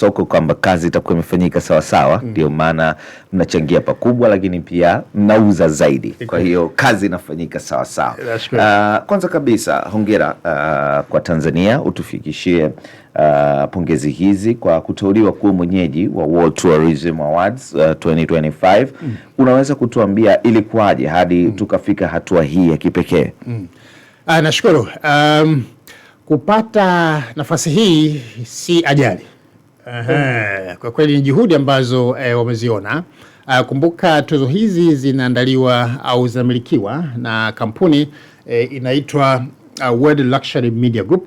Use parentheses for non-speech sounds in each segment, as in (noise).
soko kwamba kazi itakuwa imefanyika sawasawa, mm. ndio mm. maana mnachangia pakubwa, lakini pia mnauza zaidi, kwa hiyo kazi inafanyika sawasawa. Uh, ah, kwanza kabisa hongera uh, kwa Tanzania, utufikishie uh, pongezi hizi kwa kuteuliwa kuwa mwenyeji wa World Tourism Awards uh, 2025 mm. unaweza kutuambia ilikuwaje hadi mm. tukafika hatua hii ya kipekee? mm. Uh, nashukuru um, kupata nafasi hii si ajali kwa kweli ni juhudi ambazo e, wameziona. Ah, kumbuka tuzo hizi zinaandaliwa au zinamilikiwa na kampuni e, inaitwa uh, World Luxury Media Group.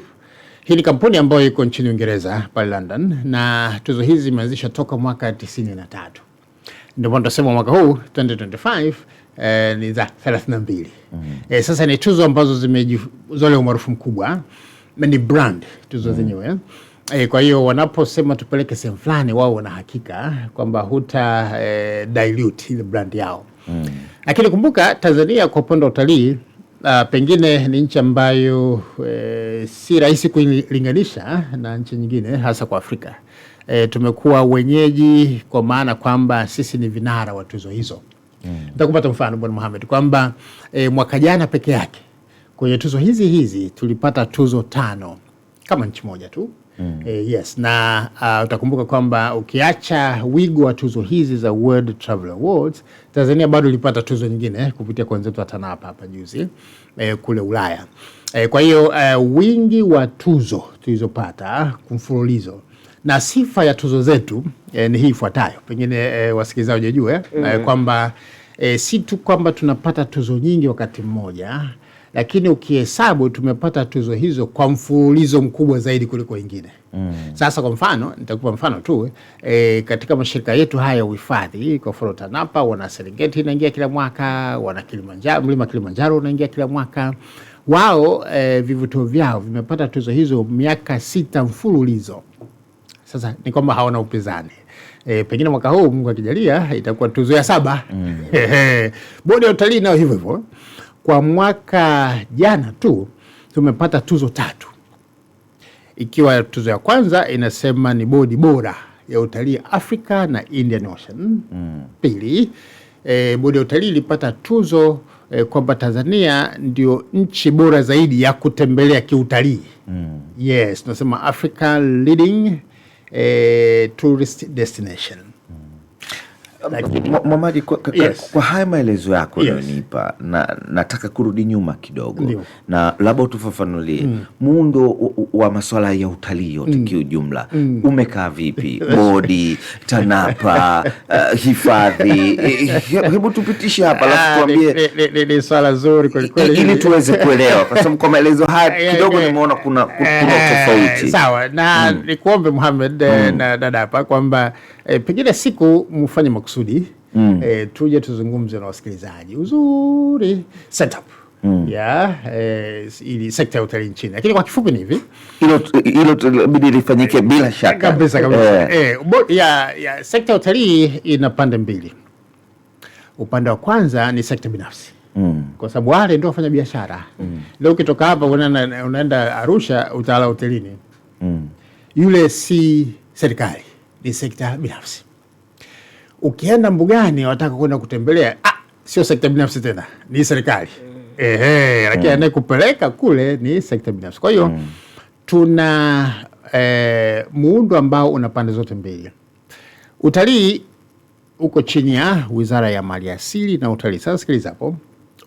Hii ni kampuni ambayo iko nchini Uingereza pale London, na tuzo hizi zimeanzishwa toka mwaka 93. ndipo tunasema mwaka huu 2025 e, eh, ni za 32. Mm -hmm. E, sasa ni tuzo ambazo zimejizolea umaarufu mkubwa ni brand tuzo mm -hmm. zenyewe E, kwa hiyo wanaposema tupeleke sehemu fulani, wao wana hakika kwamba huta e, dilute ile brand yao mm. Lakini kumbuka Tanzania kwa upande wa utalii Uh, pengine ni nchi ambayo e, si rahisi kuilinganisha na nchi nyingine hasa kwa Afrika. E, tumekuwa wenyeji kwa maana kwamba sisi ni vinara wa tuzo hizo. Mm. Nitakupata mfano Bwana Mohamed kwamba e, mwaka jana peke yake kwenye tuzo hizi hizi tulipata tuzo tano kama nchi moja tu mm. E, yes na uh, utakumbuka kwamba ukiacha wigo wa tuzo hizi za World Travel Awards, Tanzania bado ilipata tuzo nyingine eh, kupitia kwa wenzetu wa TANAPA hapa juzi eh, kule Ulaya eh, kwa hiyo uh, wingi wa tuzo tulizopata kumfululizo ah, na sifa ya tuzo zetu eh, ni hii ifuatayo, pengine eh, wasikilizaji wajue eh, mm. kwamba eh, si tu kwamba tunapata tuzo nyingi wakati mmoja lakini ukihesabu tumepata tuzo hizo kwa mfululizo mkubwa zaidi kuliko wengine mm. Sasa kwa mfano nitakupa mfano tu e, katika mashirika yetu haya ya uhifadhi kwa mfano TANAPA wana Serengeti inaingia kila mwaka, wana Kilimanjaro, mlima Kilimanjaro unaingia kila mwaka wao e, vivutio vyao vimepata tuzo hizo miaka sita mfululizo. Sasa ni kwamba hawana upinzani. E, pengine mwaka huu Mungu akijalia itakuwa tuzo ya saba mm. (laughs) Bodi ya utalii nayo hivyo hivyo kwa mwaka jana tu tumepata tuzo tatu, ikiwa tuzo ya kwanza inasema ni bodi bora ya utalii Afrika na Indian Ocean. Mm. Pili, e, bodi ya utalii ilipata tuzo e, kwamba Tanzania ndio nchi bora zaidi ya kutembelea kiutalii. Mm. Yes, tunasema Africa leading e, tourist destination mwamaji kwa, kwa, yes. Kwa haya maelezo yako unayonipa yes. Na nataka kurudi nyuma kidogo Ndiyo. Na labda utufafanulie mm. muundo wa masuala ya utalii yote mm. kiujumla mm. umekaa vipi? (laughs) Bodi, TANAPA, uh, (laughs) hifadhi eh, eh, hebu tupitishe hapa alafu ah, tuambie. Ni swala zuri kwelikweli ili tuweze (laughs) kuelewa, kwa sababu kwa maelezo haya kidogo nimeona kuna tofauti. Sawa, na mm. nikuombe Muhammad mm. na dada hapa kwamba pengine siku mfanye makusudi mm. eh, tuje tuzungumze na wasikilizaji uzuri setup Mm. ya eh, ili sekta ya utalii nchini, lakini kwa kifupi ni hivi, hilo bidi lifanyike bila shaka kabisa kabisa. Eh, eh ya, ya sekta ya utalii ina pande mbili. Upande wa kwanza ni sekta binafsi mm. kwa sababu wale ndio wafanya biashara mm. Leo ukitoka hapa unaenda, unaenda Arusha utalala hotelini mm. Yule si serikali, ni sekta binafsi ukienda mbugani wataka kwenda kutembelea, ah, sio sekta binafsi tena, ni serikali mm. ehe, lakini mm. anayekupeleka kule ni sekta binafsi. Kwa hiyo mm. tuna e, muundo ambao una pande zote mbili. Utalii uko chini ya Wizara ya mali asili na Utalii. Sasa sikiliza hapo,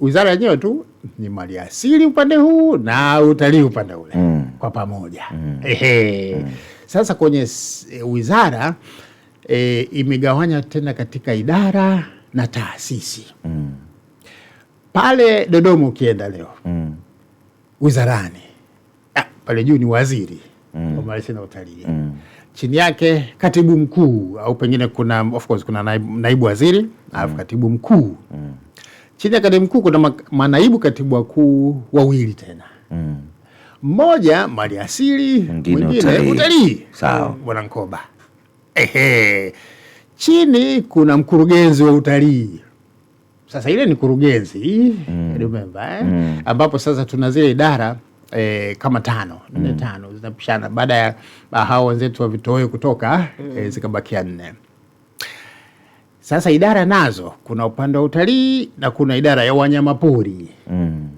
wizara yenyewe tu ni maliasili upande huu na utalii upande ule mm. kwa pamoja mm. ehe mm. Sasa kwenye eh, wizara e, imegawanya tena katika idara na taasisi mm. Pale Dodoma ukienda leo mm. wizarani ah, pale juu ni waziri mm. maliasili na utalii mm. chini yake katibu mkuu au pengine kuna of course, kuna naibu, naibu waziri alafu mm. katibu mkuu mm. chini ya katibu mkuu kuna manaibu katibu wakuu wawili tena mm. mmoja maliasili mwingine utalii, utalii. Sawa mm, bwana Nkoba Ehe. Chini kuna mkurugenzi wa utalii. Sasa ile ni kurugenzi mm. remember eh? mm. ambapo sasa tuna zile idara eh, kama tano nne mm. tano zinapishana baada ya ah, hao wenzetu wavitoe kutoka eh, mm. eh, zikabakia nne. Sasa idara nazo kuna upande wa utalii na kuna idara ya wanyamapori mm.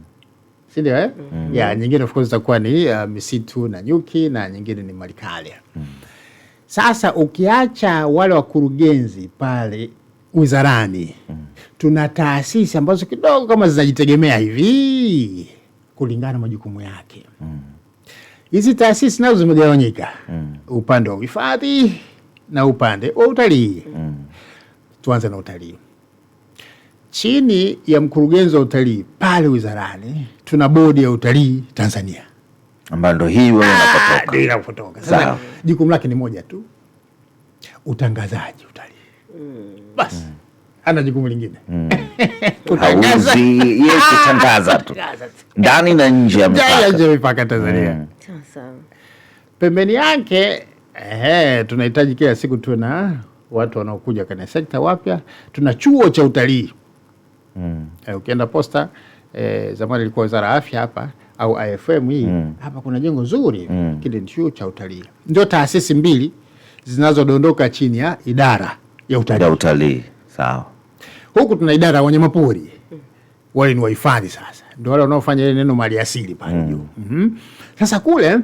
si ndio eh? mm. ya nyingine of course zitakuwa ni uh, misitu na nyuki na nyingine ni malikale mm. Sasa ukiacha wale wakurugenzi pale wizarani, mm tuna taasisi ambazo kidogo kama zinajitegemea hivi kulingana na majukumu yake hizi mm taasisi nazo zimegawanyika mm upande wa uhifadhi na upande wa utalii mm tuanze na utalii chini ya mkurugenzi wa utalii pale wizarani tuna bodi ya utalii Tanzania ambayo ndo hii wewe ah, unapotoka Sasa jukumu lake ni moja tu, utangazaji, utalii hmm. basi mm. Ana jukumu lingine mm. (laughs) hauzi yeye kutangaza (laughs) tu ndani na nje ya mipaka Tanzania mm. pembeni yake eh, tunahitaji kila siku tuwe na watu wanaokuja kwenye sekta wapya. Tuna chuo cha utalii mm. Eh, ukienda posta eh, zamani ilikuwa wizara ya afya hapa au IFM hii mm. hapa kuna jengo zuri mm. kile chuo cha utalii. Ndio taasisi mbili zinazodondoka chini ya idara ya utalii ya utalii. Sawa, huku tuna idara ya wanyamapori wale ni wahifadhi sasa, ndio wale wanaofanya ile neno mali asili pale mm. juu mm. mm -hmm. Sasa kule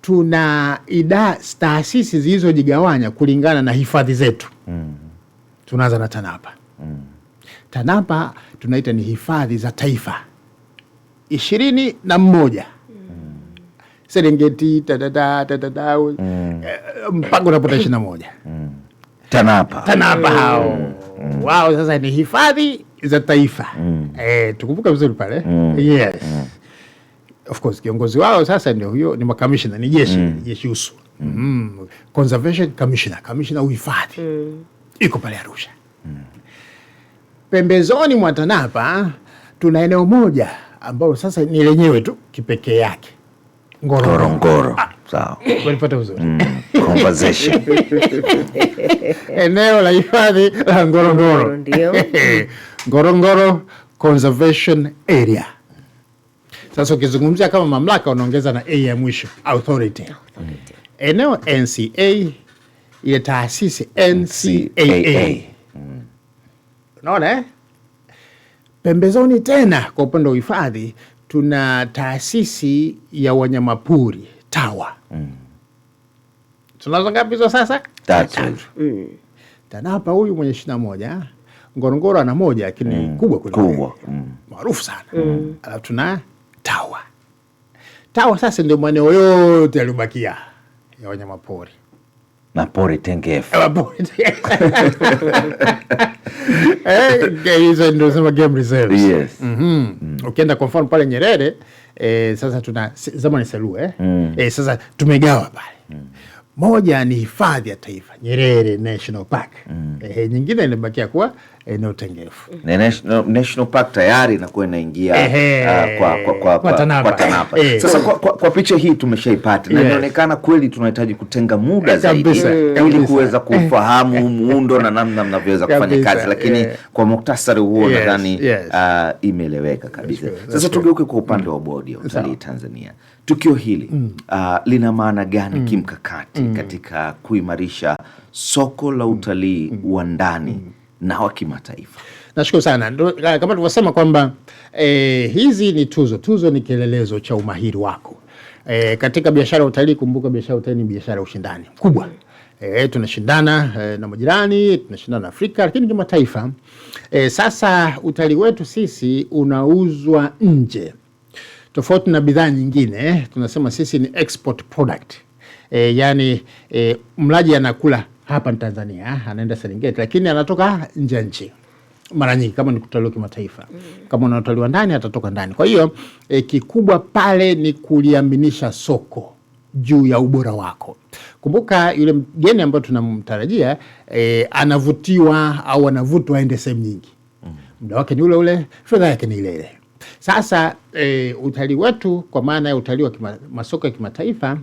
tuna ida taasisi zilizojigawanya kulingana na hifadhi zetu mm. Tunaanza na TANAPA mm. TANAPA tunaita ni hifadhi za taifa ishirini na mmoja Serengeti tadada tadada mm. eh, mpaka unapata ishirini na moja mm. TANAPA TANAPA mm. hao wao sasa ni hifadhi za taifa mm. Eh, tukumbuka vizuri pale mm. Yes mm. Of course kiongozi wao sasa ndio huyo, ni makamishna, ni jeshi mm. jeshi usu mm. Mm. Conservation Commissioner, kamishna uhifadhi mm. iko pale Arusha mm. Pembezoni mwa TANAPA tuna eneo moja ambalo sasa ni lenyewe tu kipekee yake Ngorongoro. Ah. Sawa, walipata uzuri mm. conversation. (laughs) Eneo la hifadhi la Ngorongoro, ndio Ngorongoro (laughs) Conservation Area. Sasa ukizungumzia kama mamlaka unaongeza na a ya mwisho authority. Authority. Eneo NCA ile taasisi NCAA, unaona eh? Pembezoni tena kwa upande wa uhifadhi tuna taasisi ya wanyamapori TAWA. Mm. tunazo ngapi hizo sasa? Tatu. Mm. TANAPA huyu mwenye ishirini na moja Ngorongoro ana moja lakini mm. kubwa kubwa mm. maarufu sana mm. alafu tuna TAWA. TAWA sasa ndio maeneo yote yaliyobakia ya wanyamapori na pori (laughs) eh, mhm. mm. Ukienda kwa mfano pale Nyerere eh, sasa tuna zamani Selous eh? mm. Eh, sasa tumegawa pale mm. moja ni hifadhi ya taifa Nyerere National Park mm. nyingine inabakia kuwa eneo tengefu. Na national, national park tayari inakuwa inaingia uh, kwa, kwa, kwa, kwa kwa, kwa Tanapa. Eh. Sasa kwa, kwa, kwa picha hii tumeshaipata na yes. Inaonekana kweli tunahitaji kutenga muda zaidi mm. ili kuweza eh. kufahamu muundo na namna mnavyoweza kufanya kazi, lakini yeah. Kwa muktasari huo yes, nadhani yes. Uh, imeeleweka kabisa. Sasa tugeuke kwa upande wa mm. bodi ya utalii Tanzania. Tukio hili mm. uh, lina maana gani mm. kimkakati mm. katika kuimarisha soko la utalii mm. wa ndani mm na wa kimataifa. Nashukuru sana, eh, kama tulivyosema kwamba e, hizi ni tuzo. Tuzo ni kielelezo cha umahiri wako e, katika biashara ya utalii. Kumbuka biashara ya utalii ni biashara ya ushindani mkubwa. eh, tunashindana e, na majirani tunashindana na Afrika lakini kimataifa. E, sasa utalii wetu sisi unauzwa nje, tofauti na bidhaa nyingine. Tunasema sisi ni export product e, yani e, mlaji anakula hapa ni Tanzania, anaenda Serengeti, lakini anatoka nje ya nchi mara nyingi kama ni kutalio kimataifa. Mm. Kama unataliwa ndani, atatoka ndani. Kwa hiyo e, kikubwa pale ni kuliaminisha soko juu ya ubora wako. Kumbuka yule mgeni ambayo tunamtarajia e, anavutiwa au anavutwa aende sehemu nyingi, mm. muda wake ni ule ule, fedha yake ni ile ile. Sasa e, utalii wetu kwa maana ya utalii wa masoko ya kimataifa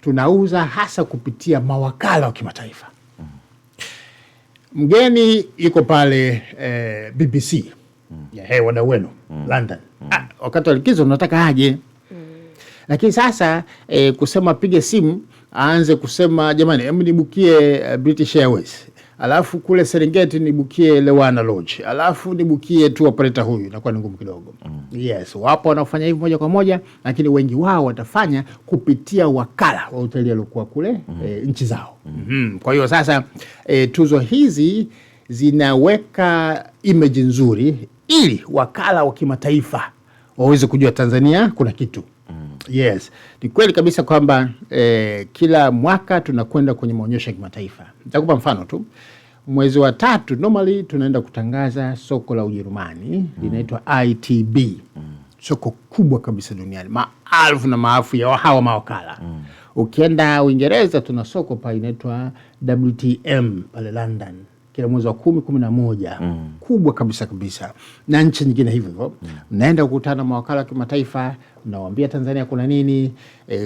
tunauza hasa kupitia mawakala wa kimataifa mgeni yuko pale eh, BBC mm. Hey, wadau wenu mm. London mm. Ah, wakati wa likizo nataka aje mm. Lakini sasa eh, kusema pige simu aanze kusema jamani, hebu nibukie eh, British Airways alafu kule Serengeti nibukie Lewana Lodge, alafu nibukie tu opereta huyu, inakuwa ni ngumu kidogo mm. Yes, wapo wanaofanya hivi moja kwa moja, lakini wengi wao watafanya kupitia wakala wa utalii aliokuwa kule mm -hmm. e, nchi zao mm -hmm. Kwa hiyo sasa e, tuzo hizi zinaweka imeji nzuri ili wakala wa kimataifa waweze kujua Tanzania kuna kitu Yes, ni kweli kabisa kwamba eh, kila mwaka tunakwenda kwenye maonyesho ya kimataifa. Nitakupa mfano tu, mwezi wa tatu normally tunaenda kutangaza soko la Ujerumani mm. linaitwa ITB mm. soko kubwa kabisa duniani, maalfu na maafu ya hawa mawakala mm. Ukienda Uingereza tuna soko pa inaitwa WTM pale London kila mwezi wa kumi kumi na moja mm. kubwa kabisa kabisa, na nchi nyingine hivyo hivyo mm. mnaenda kukutana mawakala wa kimataifa, mnawaambia Tanzania kuna nini e,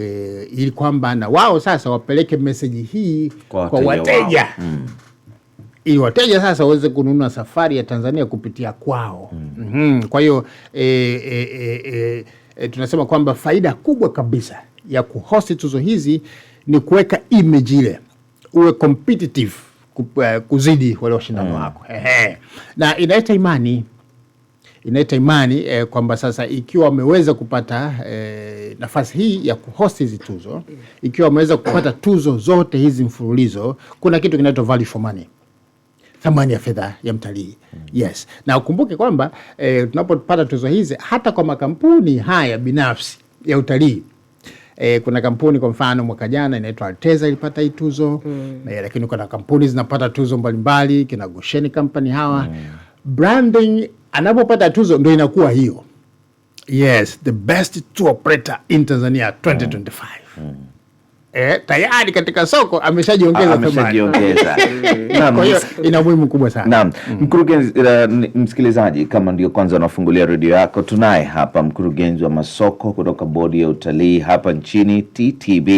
ili kwamba na wao sasa wapeleke meseji hii kwa, kwa wateja ili wateja sasa waweze kununua safari ya Tanzania kupitia kwao mm. Mm -hmm. kwa hiyo e, e, e, e, tunasema kwamba faida kubwa kabisa ya kuhosti tuzo hizi ni kuweka image ile uwe competitive Eh, kuzidi wale washindano eh. wako ehe. Na inaleta imani inaleta imani eh, kwamba sasa ikiwa wameweza kupata eh, nafasi hii ya kuhost hizi tuzo, ikiwa wameweza kupata tuzo zote hizi mfululizo, kuna kitu kinaitwa value for money, thamani ya fedha ya mtalii mm. Yes, na ukumbuke kwamba eh, tunapopata tuzo hizi hata kwa makampuni haya binafsi ya utalii eh, kuna kampuni kwa mfano mwaka jana inaitwa Alteza ilipata hii tuzo mm. eh, lakini kuna kampuni zinapata tuzo mbalimbali kina Goshen Company hawa mm. Branding anapopata tuzo ndo inakuwa hiyo, yes the best tour operator in Tanzania 2025 mm. Mm eh, tayari katika soko ameshajiongeza ameshajiongeza. (laughs) Kwa hiyo ina umuhimu mkubwa sana. Naam, mm. mkurugenzi. Eh, msikilizaji, kama ndio kwanza unafungulia redio yako, tunaye hapa mkurugenzi wa masoko kutoka bodi ya utalii hapa nchini TTB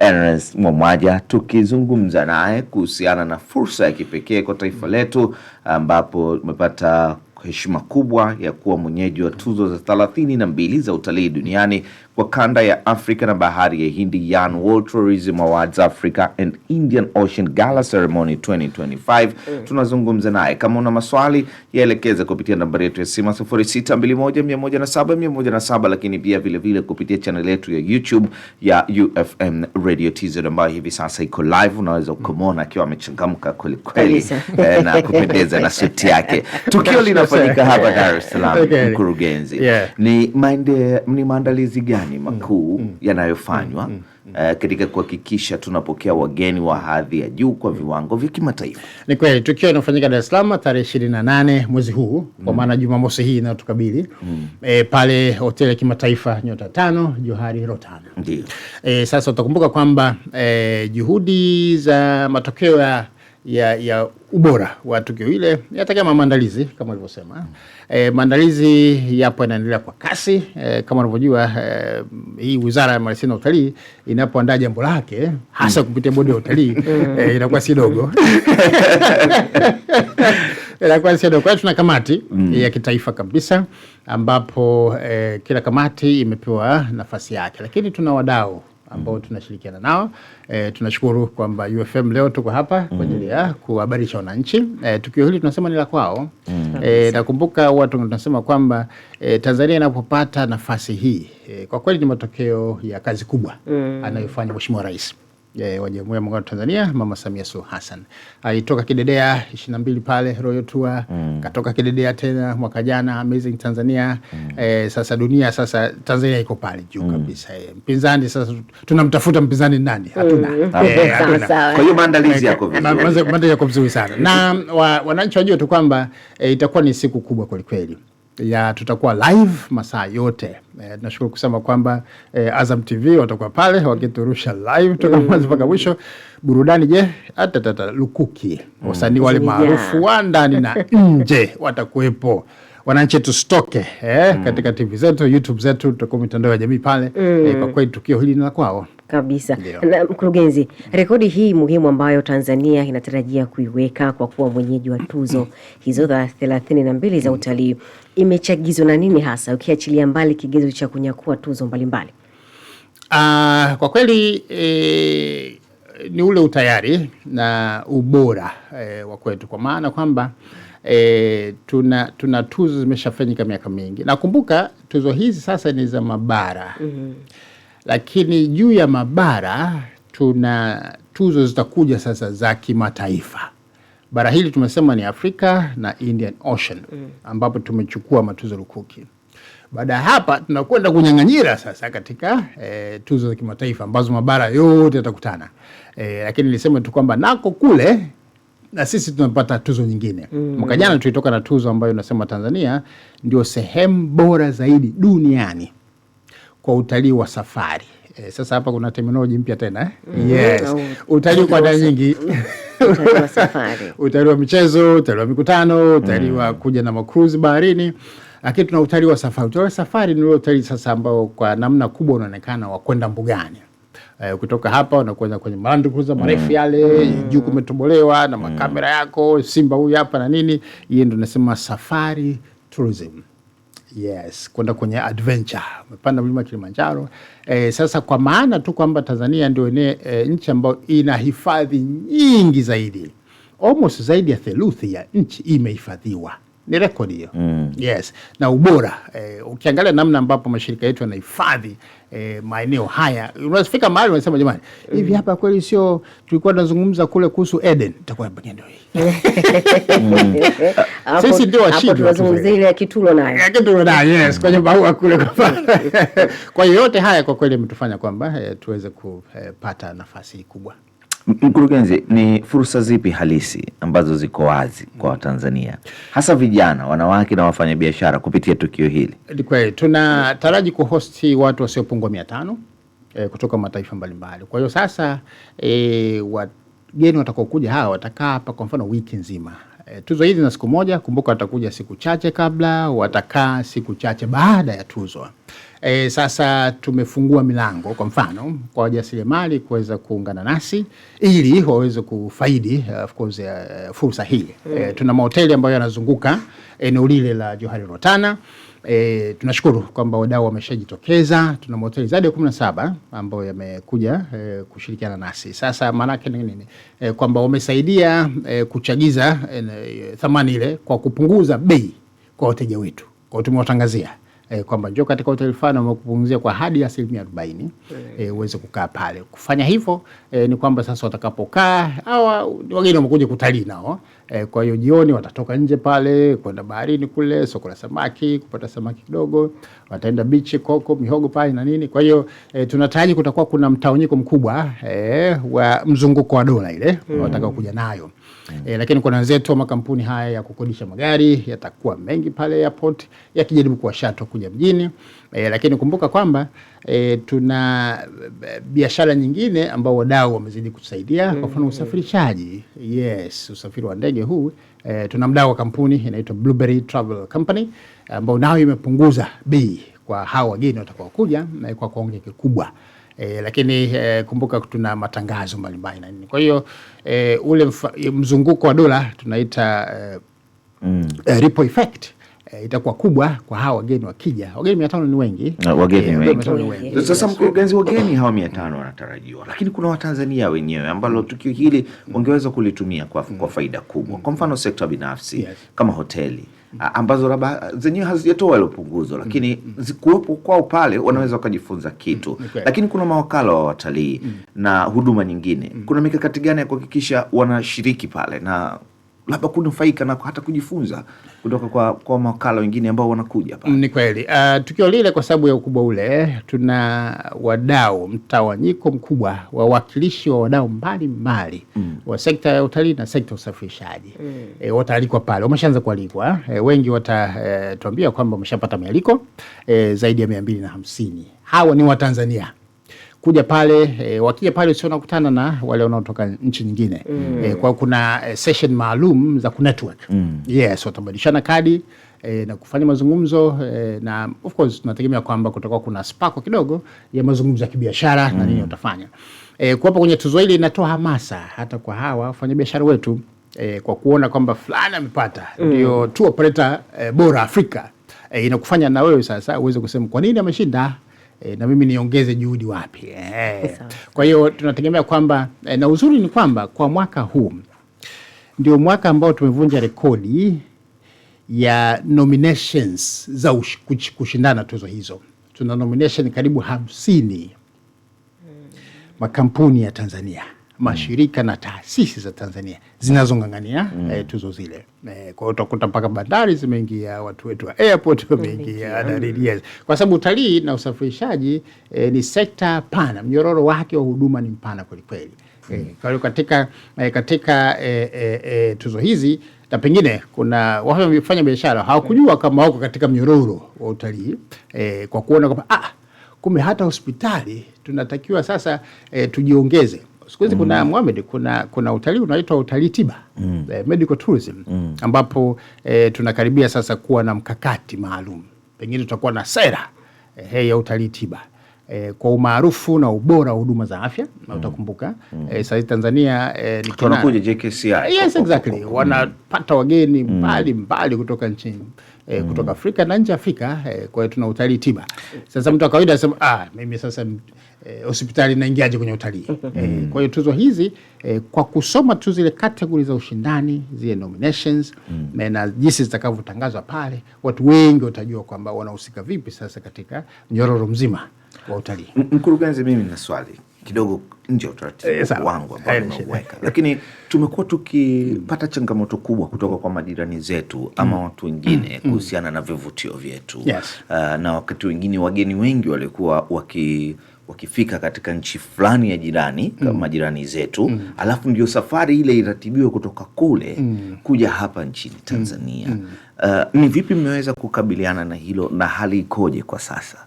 Ernest Mwamwaja tukizungumza naye kuhusiana na fursa ya kipekee kwa taifa mm. letu ambapo umepata heshima kubwa ya kuwa mwenyeji wa tuzo za thelathini na mbili za utalii duniani kwa kanda ya Afrika na bahari ya Hindi, Yan World Tourism Awards Africa and Indian Ocean Gala Ceremony 2025. Mm. Tunazungumza naye. Kama una maswali yaelekeze kupitia nambari yetu ya simu 0621117117, lakini pia vile vile kupitia channel yetu ya YouTube ya UFM Radio TZ ambayo hivi sasa iko live. Unaweza ukamwona akiwa amechangamka kweli kweli eh, na kupendeza na suti yake. Tukio linafanyika hapa Dar es Salaam, mkurugenzi. Yeah. Ni, ni maandalizi gani gani makuu mm, mm, yanayofanywa mm, mm, mm, uh, katika kuhakikisha tunapokea wageni wa hadhi ya juu kwa viwango vya kimataifa. Ni kweli tukio linafanyika Dar es Salaam tarehe 28 mwezi huu mm, kwa maana Jumamosi hii inayotukabili mm, e, pale hoteli ya kimataifa nyota tano Johari Rotana. Ndio. E, sasa utakumbuka kwamba e, juhudi za matokeo ya ya, ya ubora wa tukio ile yatakama maandalizi kama ulivyosema. E, maandalizi yapo yanaendelea kwa kasi e, kama unavyojua e, hii Wizara ya Maliasili na Utalii inapoandaa jambo lake hasa kupitia Bodi ya Utalii (laughs) e, inakuwa si dogo (laughs) inakuwa si dogo. Kwa hiyo tuna kamati mm. ya kitaifa kabisa ambapo e, kila kamati imepewa nafasi yake, lakini tuna wadau ambao tunashirikiana nao. E, tunashukuru kwamba UFM leo tuko hapa kwa ajili ya kuhabarisha wananchi. E, tukio hili tunasema ni la kwao. Mm. E, nakumbuka watu tunasema kwamba e, Tanzania inapopata nafasi hii e, kwa kweli ni matokeo ya kazi kubwa mm. anayofanya Mheshimiwa Rais yeah, wa Jamhuri ya Muungano wa Tanzania Mama Samia Suluhu Hassan alitoka kidedea 22 pale Royal Tour mm. katoka kidedea tena mwaka jana Amazing Tanzania mm. eh, sasa dunia sasa Tanzania iko pale juu mm. kabisa eh, mpinzani sasa tunamtafuta mpinzani nani? Hatuna. Mm. Eh, Kwa hiyo maandalizi yako vizuri, maandalizi yako vizuri sana (laughs) na wananchi wajue tu kwamba eh, itakuwa ni siku kubwa kwelikweli kweli ya tutakuwa live masaa yote eh, nashukuru kusema kwamba eh, Azam TV watakuwa pale wakiturusha live toka mm. mwanzo mpaka mwisho. Burudani je, atatata lukuki, mm. wasanii wale maarufu wa ndani na (laughs) nje watakuwepo wananchi tusitoke eh, mm. katika TV zetu, YouTube zetu, tutakuwa mitandao ya jamii pale mm. eh, kwa kweli tukio hili ni la kwao. Kabisa. Na mkurugenzi, rekodi hii muhimu ambayo Tanzania inatarajia kuiweka kwa kuwa mwenyeji wa tuzo (clears throat) hizo thelathini na mbili za utalii imechagizwa na nini hasa, ukiachilia mbali kigezo cha kunyakua tuzo mbalimbali mbali? Uh, kwa kweli eh, ni ule utayari na ubora eh, wa kwetu kwa maana kwamba E, tuna, tuna tuzo zimeshafanyika miaka mingi. Nakumbuka tuzo hizi sasa ni za mabara mm -hmm. Lakini juu ya mabara tuna tuzo zitakuja sasa za kimataifa. Bara hili tumesema ni Afrika na Indian Ocean mm. ambapo tumechukua matuzo lukuki. Baada ya hapa tunakwenda kunyang'anyira sasa katika e, tuzo za kimataifa ambazo mabara yote yatakutana. E, lakini nilisema tu kwamba nako kule na sisi tunapata tuzo nyingine. Mm. Mwaka jana tulitoka na tuzo ambayo nasema Tanzania ndio sehemu bora zaidi duniani kwa utalii wa safari. e, sasa hapa kuna terminoloji mpya tena eh? Mm. Yes. Utalii kwa aina nyingi utalii wa (laughs) (laughs) wa michezo, utalii wa mikutano, utalii wa mm. kuja na makruzi baharini, lakini tuna utalii wa safari. Utalii wa safari ni utalii sasa ambao kwa namna kubwa unaonekana wa kwenda mbugani eh, kutoka hapa unakwenda kwenye Land Cruiser marefu mm. yale, mm. juu kumetobolewa na mm. makamera yako, simba huyu hapa na nini. Hiyo ndo nasema safari tourism. Yes, kwenda kwenye adventure, umepanda mlima Kilimanjaro. E, sasa kwa maana tu kwamba Tanzania ndio ene e, nchi ambayo ina hifadhi nyingi zaidi, almost zaidi ya theluthi ya nchi imehifadhiwa ni rekodi hiyo mm. Yes, na ubora eh, ukiangalia namna ambapo mashirika yetu yanahifadhi eh, maeneo haya, unafika mahali unasema jamani, hivi hapa kweli sio tulikuwa tunazungumza kule kuhusu Eden, itakuwa ndio hii mm. (laughs) sisi ndio washindi, tunazungumzia ile kitulo nayo kitulo nayo, yes, kwenye mm. kule. (laughs) Kwa hiyo yote haya kwa kweli yametufanya kwamba eh, tuweze kupata eh, nafasi kubwa. Mkurugenzi, ni fursa zipi halisi ambazo ziko wazi kwa Watanzania hasa vijana, wanawake na wafanyabiashara kupitia tukio hili? Ni kweli tunataraji kuhosti watu wasiopungua mia tano e, kutoka mataifa mbalimbali. Kwa hiyo sasa e, wageni watakaokuja hawa watakaa hapa kwa mfano wiki nzima E, tuzo hizi na siku moja, kumbuka watakuja siku chache kabla, watakaa siku chache baada ya tuzo. E, sasa tumefungua milango kwa mfano kwa wajasiriamali kuweza kuungana nasi ili waweze kufaidi eh, of course uh, fursa hii mm. E, tuna mahoteli ambayo yanazunguka eneo lile la Johari Rotana. E, tunashukuru kwamba wadau wameshajitokeza. Tuna mahoteli zaidi ya kumi na saba ambayo yamekuja e, kushirikiana nasi. Sasa maanake ni nini? E, kwamba wamesaidia e, kuchagiza e, thamani ile kwa kupunguza bei kwa wateja wetu, kwa tumewatangazia E, kwamba njoo katika hoteli fulani wamekupunguzia kwa hadi asilimia arobaini e, uweze kukaa pale. Kufanya hivyo e, ni kwamba sasa watakapokaa hawa wageni wamekuja kutalii nao Eh, kwa hiyo jioni watatoka nje pale kwenda baharini kule soko la samaki kupata samaki kidogo, wataenda bichi koko mihogo pale na nini. Kwa hiyo eh, tunataraji kutakuwa kuna mtawanyiko mkubwa eh, wa mzunguko wa dola ile mm. wataka kuja nayo mm. E, lakini kuna wenzetu wa makampuni haya ya kukodisha magari yatakuwa mengi pale airport yakijaribu kuwashato kuja mjini. E, lakini kumbuka kwamba e, tuna eh, biashara nyingine ambao wadau wamezidi kutusaidia kwa mfano mm-hmm. usafirishaji. Yes, usafiri wa ndege huu e, tuna mdau wa kampuni inaitwa Blueberry Travel Company ambao nao imepunguza bei kwa hao wageni watakaokuja kwa kiwango kikubwa. E, lakini e, kumbuka tuna matangazo mbalimbali na nini. Kwa hiyo e, ule mzunguko wa dola tunaita e, mm, ripple effect eh, itakuwa kubwa kwa hawa wageni wakija. Wageni mia tano ni wengi, eh, sasa mkurugenzi, wageni hawa mia tano mm. wanatarajiwa, lakini kuna Watanzania wenyewe ambalo tukio hili mm. wangeweza kulitumia kwa, mm. kwa faida kubwa, kwa mfano sekta binafsi yes. kama hoteli ambazo labda zenyewe hazijatoa ile punguzo lakini mm -hmm. kuwepo kwao pale wanaweza wakajifunza kitu mm -hmm. Lakini kuna mawakala wa watalii mm -hmm. na huduma nyingine mm -hmm. Kuna mikakati gani ya kuhakikisha wanashiriki pale na labda kunufaika na hata kujifunza kutoka kwa, kwa mawakala wengine ambao wanakuja pa. Ni kweli uh, tukio lile kwa sababu ya ukubwa ule, tuna wadau, mtawanyiko mkubwa wa wawakilishi wa wadau mbalimbali mm. wa sekta ya utalii na sekta ya usafirishaji mm. E, wataalikwa pale, wameshaanza kualikwa e, wengi watatuambia eh, e, kwamba wameshapata mialiko e, zaidi ya mia mbili na hamsini. Hawa ni Watanzania kuja pale e, wakija pale sio nakutana na wale wanaotoka nchi nyingine mm. E, kwa kuna eh, session maalum za ku network mm. Yes, watabadilishana kadi E, na kufanya mazungumzo e, na of course tunategemea kwamba kutakuwa kuna spako kidogo ya mazungumzo ya kibiashara mm. na nini utafanya mm. e, kuwapo kwenye tuzo hili inatoa hamasa hata kwa hawa wafanya biashara wetu e, kwa kuona kwamba fulani amepata mm. ndio mm. tu operator e, bora Afrika e, inakufanya na wewe sasa uweze kusema kwa nini ameshinda e, na mimi niongeze juhudi wapi e. Kwa hiyo tunategemea kwamba e, na uzuri ni kwamba kwa mwaka huu ndio mwaka ambao tumevunja rekodi ya nominations za ush, kushindana tuzo hizo. Tuna nomination karibu hamsini hmm. makampuni ya Tanzania mashirika na taasisi za Tanzania zinazong'ang'ania mm. eh, tuzo zile eh, kwa hiyo utakuta mpaka bandari zimeingia, watu wetu wa airport wameingia mm. kwa sababu utalii na usafirishaji eh, ni sekta pana, mnyororo wake wa huduma ni mpana kwelikweli. Eh, mm. Kwa hiyo katika, eh, katika e, e, e, tuzo hizi na pengine kuna wafanya biashara hawakujua mm. kama wako katika mnyororo wa utalii e, kwa kuona kwamba ah, kumbe hata hospitali tunatakiwa sasa e, tujiongeze siku hizi mm. kuna Mohamed, kuna, kuna utalii unaitwa utalii tiba mm. eh, medical tourism mm. ambapo eh, tunakaribia sasa kuwa na mkakati maalum, pengine tutakuwa na sera eh, ya utalii tiba eh, kwa umaarufu na ubora wa huduma za afya mm. na utakumbuka mm. eh, sasa Tanzania eh, ni tunakuja JKCI yes exactly, wanapata wageni mm. mbali mbali kutoka nchini e, kutoka Afrika na nje ya Afrika e, kwa hiyo tuna utalii tiba. Sasa mtu wa kawaida anasema ah, mimi sasa eh, hospitali e, naingiaje kwenye utalii (laughs) e, kwa hiyo tuzo hizi e, kwa kusoma tu zile kategori za ushindani zile nominations mm. na jinsi zitakavyotangazwa pale, watu wengi watajua kwamba wanahusika vipi sasa katika mnyororo mzima wa utalii. Mkurugenzi, mimi na swali kidogo nje ya utaratibu eh, wangu ambao nimeuweka, lakini tumekuwa tukipata changamoto kubwa kutoka kwa majirani zetu ama mm. watu wengine mm. kuhusiana na vivutio vyetu yes. Uh, na wakati wengine wageni wengi walikuwa waki wakifika katika nchi fulani ya jirani mm. majirani zetu mm. alafu ndio safari ile iratibiwe kutoka kule mm. kuja hapa nchini Tanzania mm. Uh, ni vipi mmeweza kukabiliana na hilo na hali ikoje kwa sasa?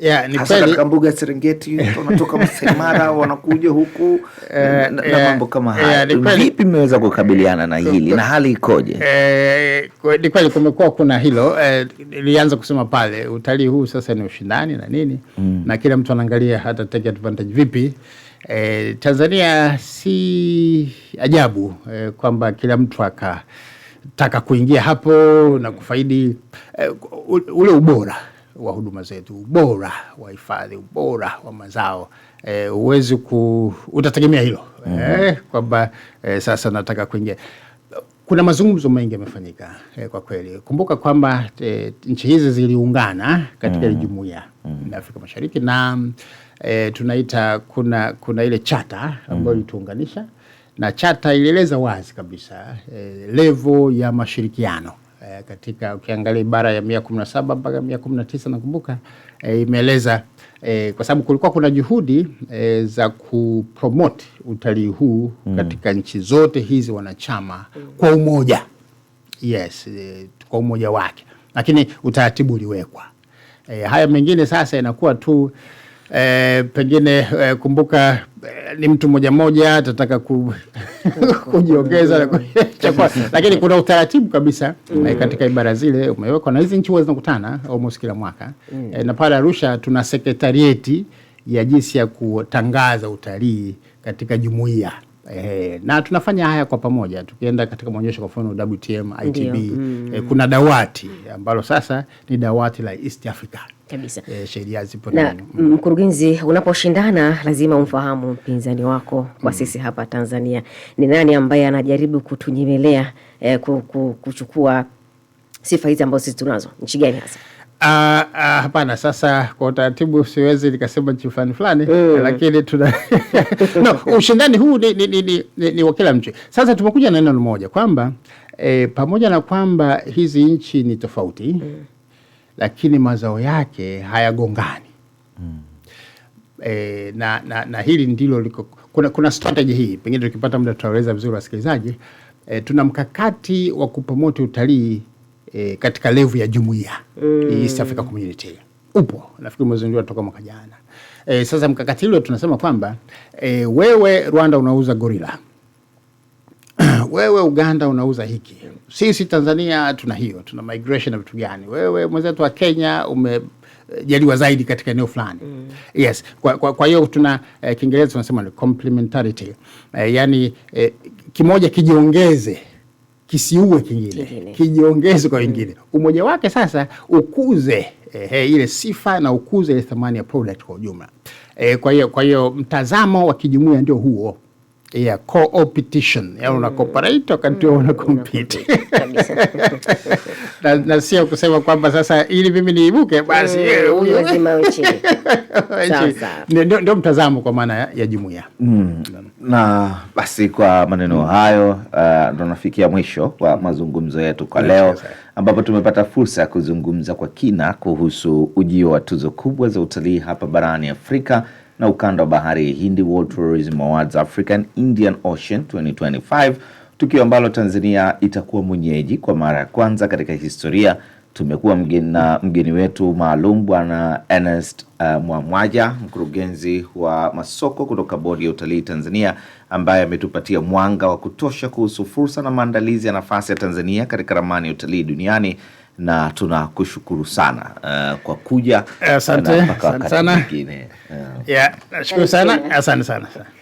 Yeah, katika mbuga ya Serengeti (laughs) wanatoka Msemara wanakuja huku eh, na, na mambo kama haya. Vipi mmeweza kukabiliana na hili na hali ikoje? Eh, ni kweli kumekuwa kuna hilo eh, kusema pale utalii huu sasa ni ushindani na nini mm, na kila mtu anaangalia hata take advantage vipi. E, Tanzania si ajabu e, kwamba kila mtu akataka kuingia hapo na kufaidi e, ule ubora wa huduma zetu, ubora wa hifadhi, ubora wa mazao e, eh, uwezi ku utategemea hilo mm -hmm. E, kwamba e, sasa nataka kuingia kuna mazungumzo mengi yamefanyika eh, kwa kweli. Kumbuka kwamba eh, nchi hizi ziliungana katika mm. jumuiya mm. Afrika Mashariki na eh, tunaita kuna, kuna ile chata ambayo mhm. ilituunganisha mm. na chata ilieleza wazi kabisa eh, levo ya mashirikiano eh, katika ukiangalia ibara ya mia kumi na saba mpaka mia kumi na tisa nakumbuka eh, imeeleza eh, kwa sababu kulikuwa kuna juhudi eh, za kupromote utalii huu mm. katika nchi zote hizi wanachama mm. kwa umoja yes, eh, kwa umoja wake, lakini utaratibu uliwekwa. Eh, haya mengine sasa inakuwa tu E, pengine e, kumbuka e, ni mtu moja moja atataka ku, (laughs) kujiongeza (laughs) lakini kuna utaratibu kabisa mm. E, katika ibara zile umewekwa na hizi nchi huwa zinakutana almost kila mwaka mm. E, na pale Arusha tuna sekretarieti ya jinsi ya kutangaza utalii katika jumuiya Ehe, na tunafanya haya kwa pamoja. Tukienda katika maonyesho kwa mfano WTM, ITB eh, mm. E, kuna dawati ambalo sasa ni dawati la East Africa kabisa. E, sheria zipo na mm. Mkurugenzi, unaposhindana lazima umfahamu mpinzani wako. Kwa mm. sisi hapa Tanzania ni nani ambaye anajaribu kutunyemelea e, kuchukua sifa hizi ambazo sisi tunazo? Nchi gani hasa? Ah, uh, hapana. Sasa kwa utaratibu siwezi nikasema nchi fulani fulani mm. Lakini tuna (laughs) no, ushindani huu ni, ni, ni, ni, ni wa kila mchi Sasa tumekuja na neno moja kwamba eh, pamoja na kwamba hizi nchi ni tofauti mm. Lakini mazao yake hayagongani mm. eh, na, na, na hili ndilo liko kuna, kuna strategy hii, pengine tukipata muda tutaweleza vizuri wasikilizaji. eh, tuna mkakati wa kupromoti utalii e, katika levu ya jumuiya mm. East Africa Community upo, nafikiri umezinduliwa toka mwaka jana e, sasa mkakati ule tunasema kwamba e, wewe Rwanda unauza gorila (clears throat) wewe Uganda unauza hiki, sisi Tanzania tuna hiyo, tuna migration na vitu gani? Wewe mwenzetu wa Kenya umejaliwa zaidi katika eneo fulani mm. Yes, kwa, kwa, kwa hiyo tuna eh, Kiingereza tunasema ni complementarity eh, yani eh, kimoja kijiongeze kisiue kingine, kijiongeze kwa wengine. Umoja wake sasa ukuze eh, ile sifa na ukuze ile thamani ya product kwa ujumla. eh, kwa hiyo kwa hiyo mtazamo wa kijumuiya ndio huo. Yeah, co-opetition ya yaani una wakati mm, una (laughs) na, na sio kusema kwamba sasa ili mimi niibuke basi mm, huyo uchi. (laughs) Ndio mtazamo kwa maana ya, ya jumuiya mm. Na basi kwa maneno mm. hayo uh, nafikia mwisho wa mazungumzo yetu kwa leo ambapo tumepata fursa ya kuzungumza kwa kina kuhusu ujio wa tuzo kubwa za utalii hapa barani Afrika na ukanda wa bahari ya Hindi World Tourism Awards African Indian Ocean 2025, tukio ambalo Tanzania itakuwa mwenyeji kwa mara ya kwanza katika historia. Tumekuwa mgeni na mgeni wetu maalum Bwana Ernest uh, Mwamwaja, mkurugenzi wa masoko kutoka Bodi ya Utalii Tanzania, ambaye ametupatia mwanga wa kutosha kuhusu fursa na maandalizi ya nafasi ya Tanzania katika ramani ya utalii duniani na tunakushukuru sana uh, kwa kuja. Asante eh, sana, eh. nashukuru sana, asante sana.